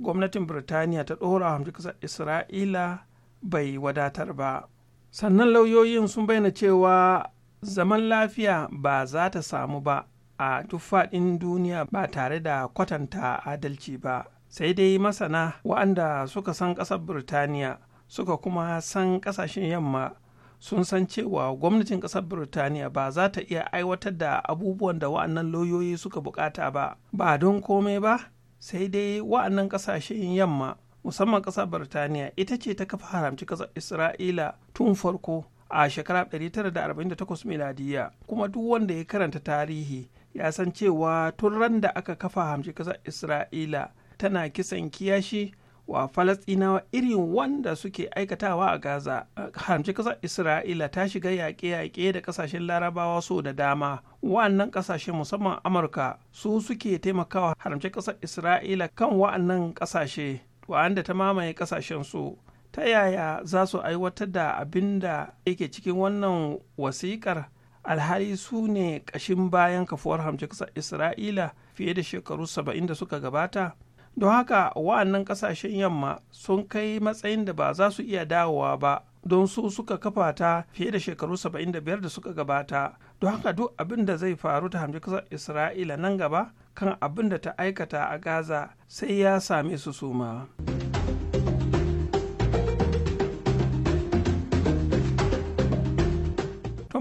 gwamnatin birtaniya ta ɗora hamshi kasar isra'ila bai wadatar ba sannan lauyoyin sun bayyana cewa zaman lafiya ba za ta samu ba a tufaɗin duniya ba tare da kwatanta adalci ba sai dai masana waɗanda suka san ƙasar birtaniya suka kuma san ƙasashen yamma sun san cewa gwamnatin ƙasar birtaniya ba za ta iya aiwatar da abubuwan da wa'annan lauyoyi suka buƙata ba ba don komai ba sai dai wa'annan ƙasashen yamma musamman ƙasar birtaniya ita ce ta kafa haramci ƙasar isra'ila tun farko a shekara 1948 miladiya kuma duk wanda ya karanta tarihi ya san cewa tun ran da aka kafa hamshi kasar isra'ila tana kisan kiyashi wa falastinawa irin wanda suke aikatawa a gaza hamshi kasar isra'ila ta shiga yaƙe-yaƙe da ƙasashen larabawa so da dama wa'annan ƙasashe musamman amurka su suke taimakawa haramci ƙasar isra'ila kan wa'annan ƙasashe wa'anda ta mamaye ƙasashen su ta yaya za su aiwatar da abin da yake cikin wannan wasiƙar alhali su ne ƙashin bayan kafuwar hamjiksa isra'ila fiye da shekaru saba'in da suka gabata don haka wa'annan kasashen yamma sun kai matsayin da ba za su iya dawowa ba don su suka kafa ta fiye da shekaru saba'in da biyar da suka gabata don haka duk abin da zai faru ta hamji kasar isra'ila nan gaba kan abin da ta aikata a gaza sai ya same su suma.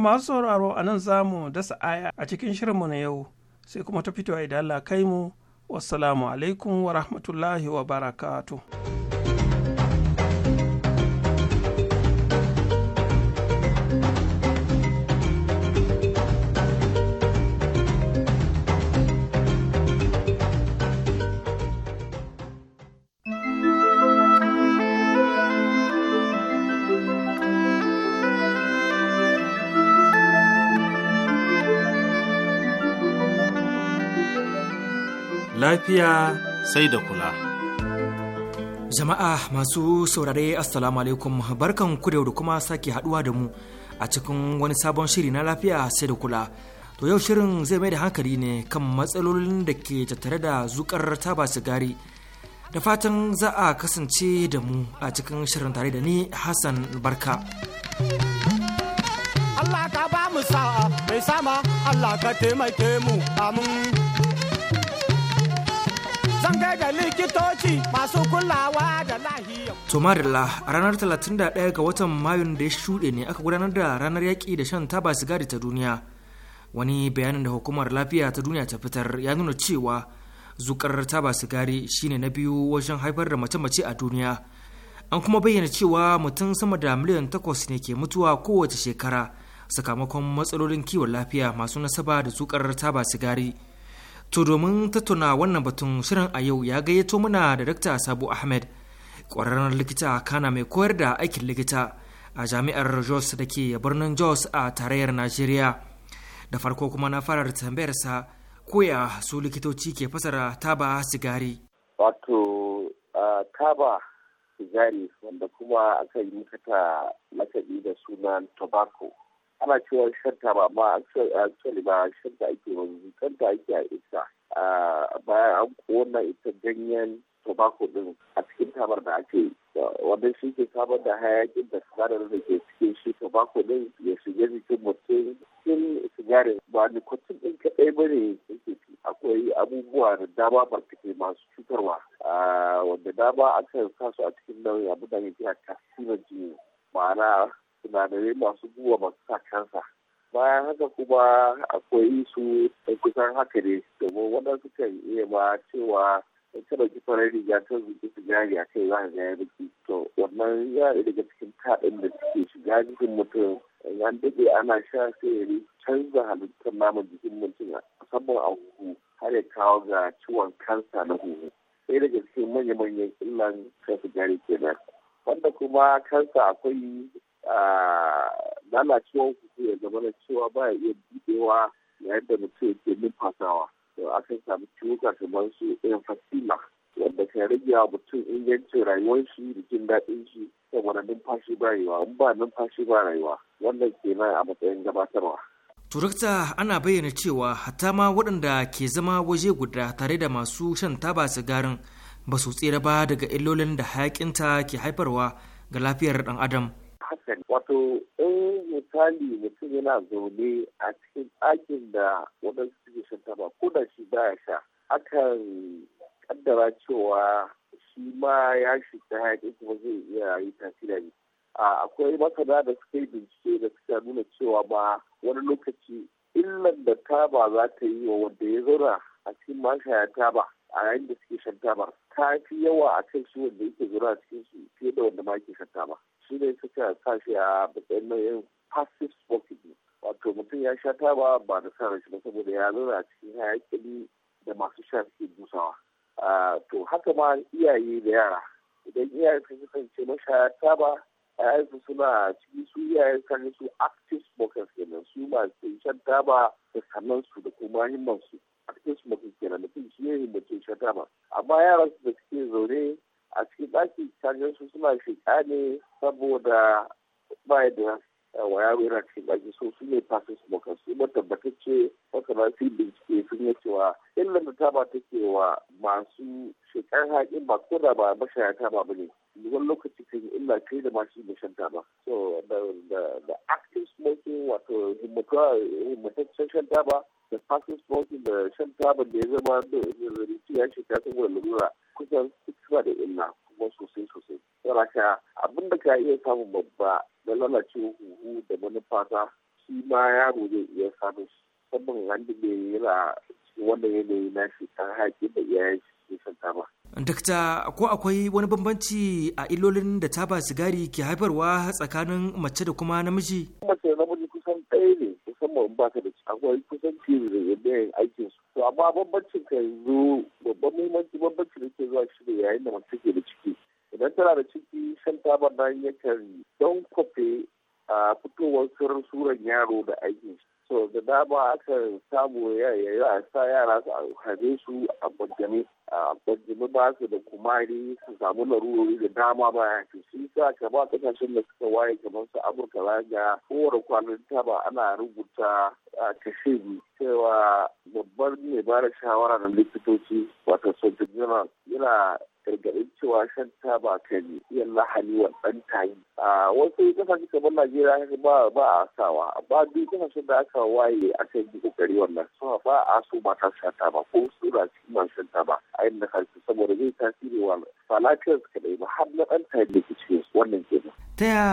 masu sauraro a nan za mu dasa aya a cikin shirinmu na yau sai kuma ta fito idan Allah kai mu wassalamu alaikum wa rahmatullahi wa barakatuh lafiya sai da kula. Jama'a masu saurare Assalamu alaikum barkan ku da kuma sake haduwa da mu a cikin wani sabon shiri na lafiya sai da kula. To yau shirin zai mai da hankali ne kan matsalolin da ke tattare da zukar taba sigari. Da fatan za a kasance da mu a cikin shirin tare da ni Hassan Barka. Allah ka ba mu sa'a mai sama Allah ka taimake mu amin. zan kai likitoci masu kulawa da lahiyar. Tomarilla a ranar 31 ga watan Mayun da ya shuɗe ne aka gudanar da ranar yaƙi da shan taba sigari ta duniya. Wani bayanin da hukumar lafiya ta duniya ta fitar ya nuna cewa zukar taba sigari shine na biyu wajen haifar da mace-mace a duniya. An kuma bayyana cewa mutum sama da miliyan takwas ne ke mutuwa kowace shekara sakamakon matsalolin kiwon lafiya masu nasaba da zukar taba sigari. To domin tattauna wannan batun shirin a yau ya gayyato mana da Dr. sabu Ahmed, ƙwararren likita kana mai koyar da aikin likita a jami'ar Jos da ke birnin Jos a tarayyar Najeriya. Da farko kuma na fara da tambayarsa koya su likitoci ke fasara taba sigari. Wato taba sigari wanda kuma aka yi mata lakabi da sunan tobacco ana cewa shanta ba ma actually ba shanta ake wanzu shanta ake a isa bayan an kona ita ganyen tobacco din a cikin tabar da ake wanda shi ke samar da hayakin da sinadarin da ke cikin shi tobacco din ya shiga jikin mutum cikin sigarin ba nikotin din kaɗai ba ne akwai abubuwa da dama barkatai masu cutarwa wanda dama akan sa su a cikin nauyi abu da ya kira tasirajin ma'ana sinadarai masu guba masu sa kansa bayan haka kuma akwai su da kusan haka ne domin waɗansu kan iya ba cewa in ka ɗauki farar riga ta su sigari a kai za ka ga ya biki to wannan ya daga cikin taɗin da suke shiga jikin mutum an daɗe ana sha sai ya canza halittar namun jikin mutum musamman a huhu har ya kawo ga ciwon kansa na huhu Sai daga cikin manya-manyan illan kan sigari kenan wanda kuma kansa akwai lalacewar hukuku ya zama na cewa ba ya iya buɗewa na yadda mutum yake numfasawa to akan sami ciwuka kamar su emphysema wanda kan rage wa mutum ingancin rayuwar shi da jin daɗin shi saboda numfashi ba rayuwa in ba numfashi ba rayuwa wannan na a matsayin gabatarwa. turakta ana bayyana cewa hatta ma waɗanda ke zama waje guda tare da masu shan taba sigarin ba su tsira ba daga illolin da hayakinta ke haifarwa ga lafiyar ɗan adam wato in misali mutum yana zaune a cikin ɗakin da waɗansu suke shan taba ko da shi ba ya sha akan kaddara cewa shi ma ya shiga hayaƙi kuma zai iya yi tasiri ne akwai masana da suka yi bincike da suka nuna cewa ba wani lokaci illar da taba za ta yi wa wanda ya zauna a cikin mashaya taba a yayin da suke shan taba ta fi yawa a kan shi wanda yake zura a cikin su fiye da wanda ma yake shan taba. su ne suka sa shi a matsayin nau'in passive smoking wato mutum ya sha taba ba da sa shi ba saboda ya zauna a cikin hayakin da masu sha suke busawa to haka ma iyaye da yara idan iyaye sun kasance masha taba su suna cikin su iyaye kan su active smokers kenan su masu shan taba da sannan su da kuma himman su active smokers kenan mutum shi ne mutum shan taba amma yaran su da suke zaune a cikin ɗaki kaga su suna shiga ne saboda ba da eh, waya yana cikin ɗaki so su ne fasin smokers su ba tabbatacce masana su bincike sun yi cewa illar da taba take wa masu shekar haƙin ba ko da ba mashaya taba ba ne wani lokaci kan illa kai da masu mashan taba so da active smoking wato eh, himmataccen shan taba da fasin smoking da shan tabar da ya zama da yanzu ya shiga saboda lura kusan suna da illa kuma sosai sosai saboda abin da ka iya samun babba da lalacewa huhu da manufa shi ma yaro zai iya samun shi musamman wanda bai yana yanayi na shi ta haƙi da iyayen shi shan taba Dakta ko akwai wani bambanci a ilolin da taba sigari ke haifarwa tsakanin mace da kuma namiji? Mace da namiji kusan ɗaya ne musamman ba ta da akwai kusan fiye da yadda aikin su. To amma bambancin ka yanzu babban muhimmanci bambanci da ke zuwa shi ne yayin da mace ke da ciki. Idan tana da ciki shan taba nan yakan don kwafe a fitowar sirrin suran yaro da aikin shi. so da dama aka samu yayi a sa yara su haife su a bajjame a ba su da kumari su samu larurori da dama ya ce shi sa ka ba kasashen da suka waye kamar su amurka raga kowane kwanan taba ana rubuta a kashe cewa babban mai ba da shawara na likitoci wata sojin yana gargaɗin cewa shan taba kan iya lahani wa ɗan tayi. A wasu kasashe kamar Najeriya ba ba a sawa ba duk kasashen da aka waye kan yi kokari wannan so ba a so mata sha taba ko su na su masu shan taba a yadda kansu saboda zai tasiri wa ba su kaɗai ba har na ɗan tayi da ke cikin wannan kenan. Ta ya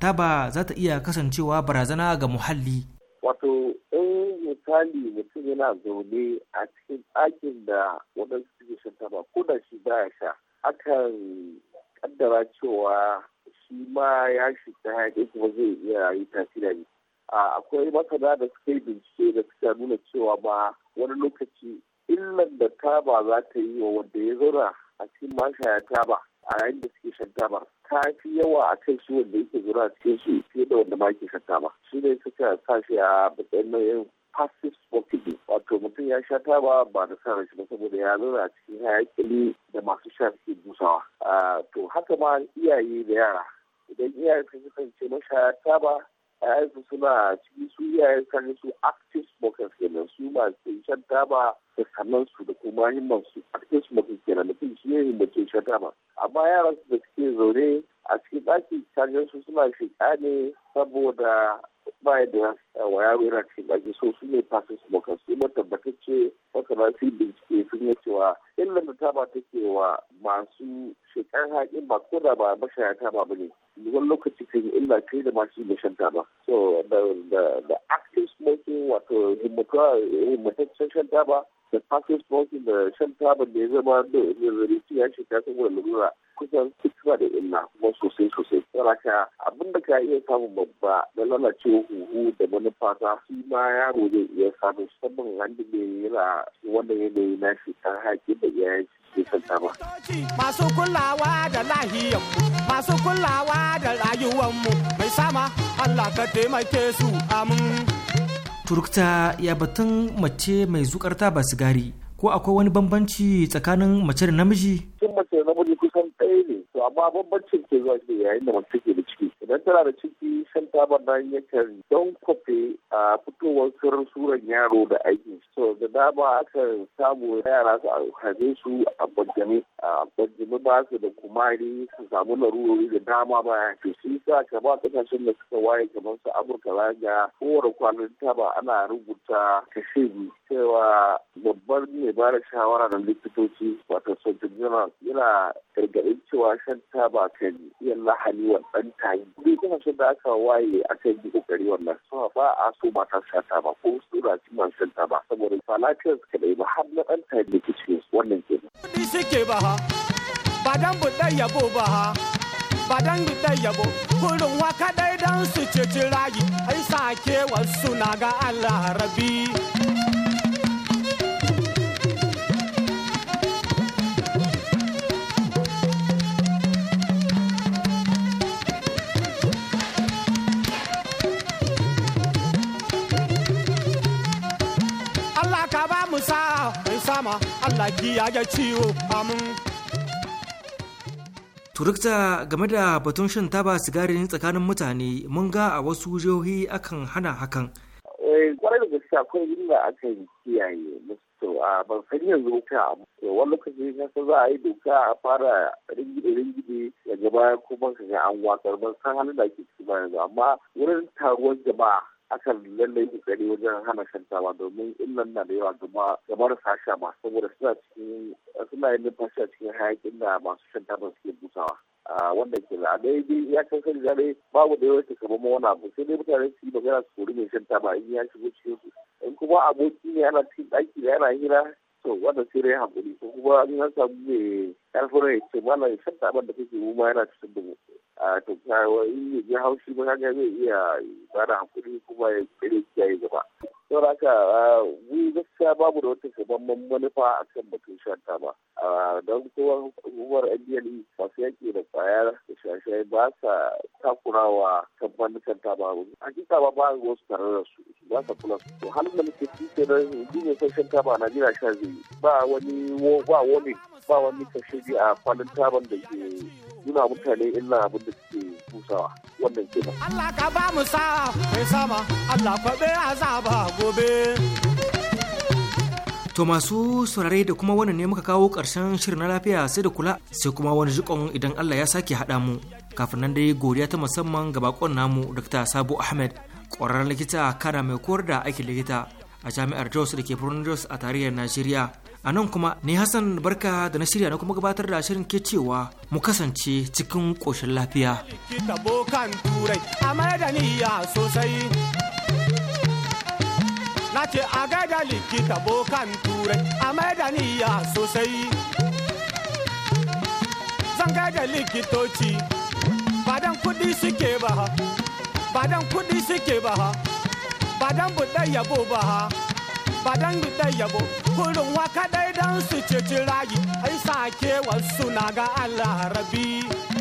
taba za ta iya kasancewa barazana ga muhalli wato in misali mutum yana zaune a cikin ɗakin da waɗansu suke shan taba ko da shi baya sha akan kaddara cewa shi ma ya shiga hayaƙi kuma zai iya yi tasiri ne akwai masana da suka yi bincike da suka nuna cewa ba wani lokaci illar da taba za ta yi wa wanda ya zauna a cikin mashaya taba a yayin da suke shan taba ta fi yawa a kan su wanda yake zura cikin su fiye da wanda ma yake shan taba su ne suka sa shi a matsayin nau'in passive smoking wato mutum ya sha taba ba da sa shi ba saboda ya zura a cikin hayakili da masu sha suke busawa to haka ma iyaye da yara idan iyaye sun kasance mashaya taba yayansu suna cikin su iyaye kan su active smokers kenan su masu shan taba da sannan su da kuma himman su active smokers kenan mutum shi ne ke shan taba amma yaran su da suke zaune a cikin ɗaki kan su suna shi ne saboda ba da wa yaro yana cikin ɗaki so su ne passive smokers su ma tabbatacce masana su bincike sun yi cewa illar da taba take wa masu shekar haƙin ba ko da ba mashayata ba ne wani lokaci kan illa kai da masu da shan taba so da active smoking wato himmataccen eh, shan taba da fashin smoking da shan tabar da ya zama da zarici ya shiga saboda lura kusan suna da illa kuma sosai sosai saraka abin da ka iya samun babba na lalace huhu da manufa ta shi ma yaro zai iya samun saman wanda ne wanda ya yanayi na shi ta haƙi da iyayen shi shan taba. masu kulawa da lahiyar masu kulawa da rayuwar mu mai sama Allah ka taimake su amin. turukta ya batun mace mai zukar taba sigari ko akwai wani bambanci tsakanin mace da namiji? Sun mace da namiji kusan ɗaya ne, to amma bambancin ke zuwa ke yayin da mace ke da ciki. idan tana da ciki shan tabar nan yakan don kwafe a fitowar sirrin suran yaro da aikin so da dama aka samu yara su haife su a bajjame a bajjame ba su da kumari su samu larurori da dama ya to shi sa ka ba kasashen da suka waye kamar su amurka zaga kowane kwanan taba ana rubuta kashe cewa babban mai ba da shawara na likitoci wato sojin yana gargaɗin cewa shan taba kan iya lahani wa ɗan tayi kuma kasashen da aka waye aka yi kokari wannan suna ba a so ta sata ba ko su rafi masu sata ba saboda ba lafiyar su kadai ba har na ɗan tare da cikin su wannan ke nan. Kuɗi suke ba ha, ba dan buɗe yabo ba ha, ba dan buɗe yabo, kurin wa dai dan su ce ceci rayu, ai sake wasu na ga Allah rabi. Allah ba mu sa mai sama Allah ya ga ciwo amin turukta game da batun shan taba sigari tsakanin mutane mun ga a wasu jihohi akan hana hakan eh, kwarai da gaske akwai inda aka yi kiyaye to a ban san yanzu doka to wani lokaci ka za a yi doka a fara ringide ringide daga baya kuma ka ga an watsar ban san halin da ake ciki ba yanzu amma wurin taruwar jama'a akan lallai kokari wajen hana shantawa domin illan na da yawa gama ga marasa sha ba saboda suna cikin suna yin numfashi a cikin hayakin da masu shanta suke busawa wanda ke da dai bi ya san sani dai babu da yawa ke kama wani abu sai dai mutane su yi magana su kori mai shanta ba in ya shigo cikin su in kuma aboki ne ana cikin ɗaki da yana hira to wanda sai dai hakuri ko kuma in ya samu mai karfin rai ce mana shanta da kake mu ma yana cikin dubu a to in ya ji haushi ba kaga zai iya bada hankuri kuma ya kere kiyaye gaba saboda haka mu gaskiya babu da wata shugaban manufa a kan batun shan taba don kowar hukumar ndl e masu da tsayar da shashai ba sa takurawa kamfanin shan taba hakika ba ba wasu tare da su ba sa kula to halin da muke cike da jini ko shan taba na jira sha zai ba wani ba wani ba wani kashe a kwanan taban da ke nuna mutane ina abin da suke kusawa wannan kenan. Allah ka ba mu sa mai sama Allah kwabe azaba gobe. To masu saurare da kuma wannan ne muka kawo ƙarshen shirin na lafiya sai da kula sai kuma wani jikon idan Allah ya sake haɗa mu. Kafin nan dai godiya ta musamman ga bakon namu Dr. Sabo Ahmed, ƙwararren likita kana mai koyar da aikin likita a jami'ar Jos da ke Jos a tarihin Najeriya. a nan kuma ni hassan barka da na shirya na kuma gabatar da shirin ke cewa mu kasance cikin ƙoshin lafiya Nace a gaida likita bokan turai a maidaniya sosai zan gaida likitoci badan kudi suke ba ha badan kudi suke ba ha badan buɗe yabo ba ha ba dan da yabo kurin waka dai dan su ci rayi ai sake wasu na ga Allah rabbi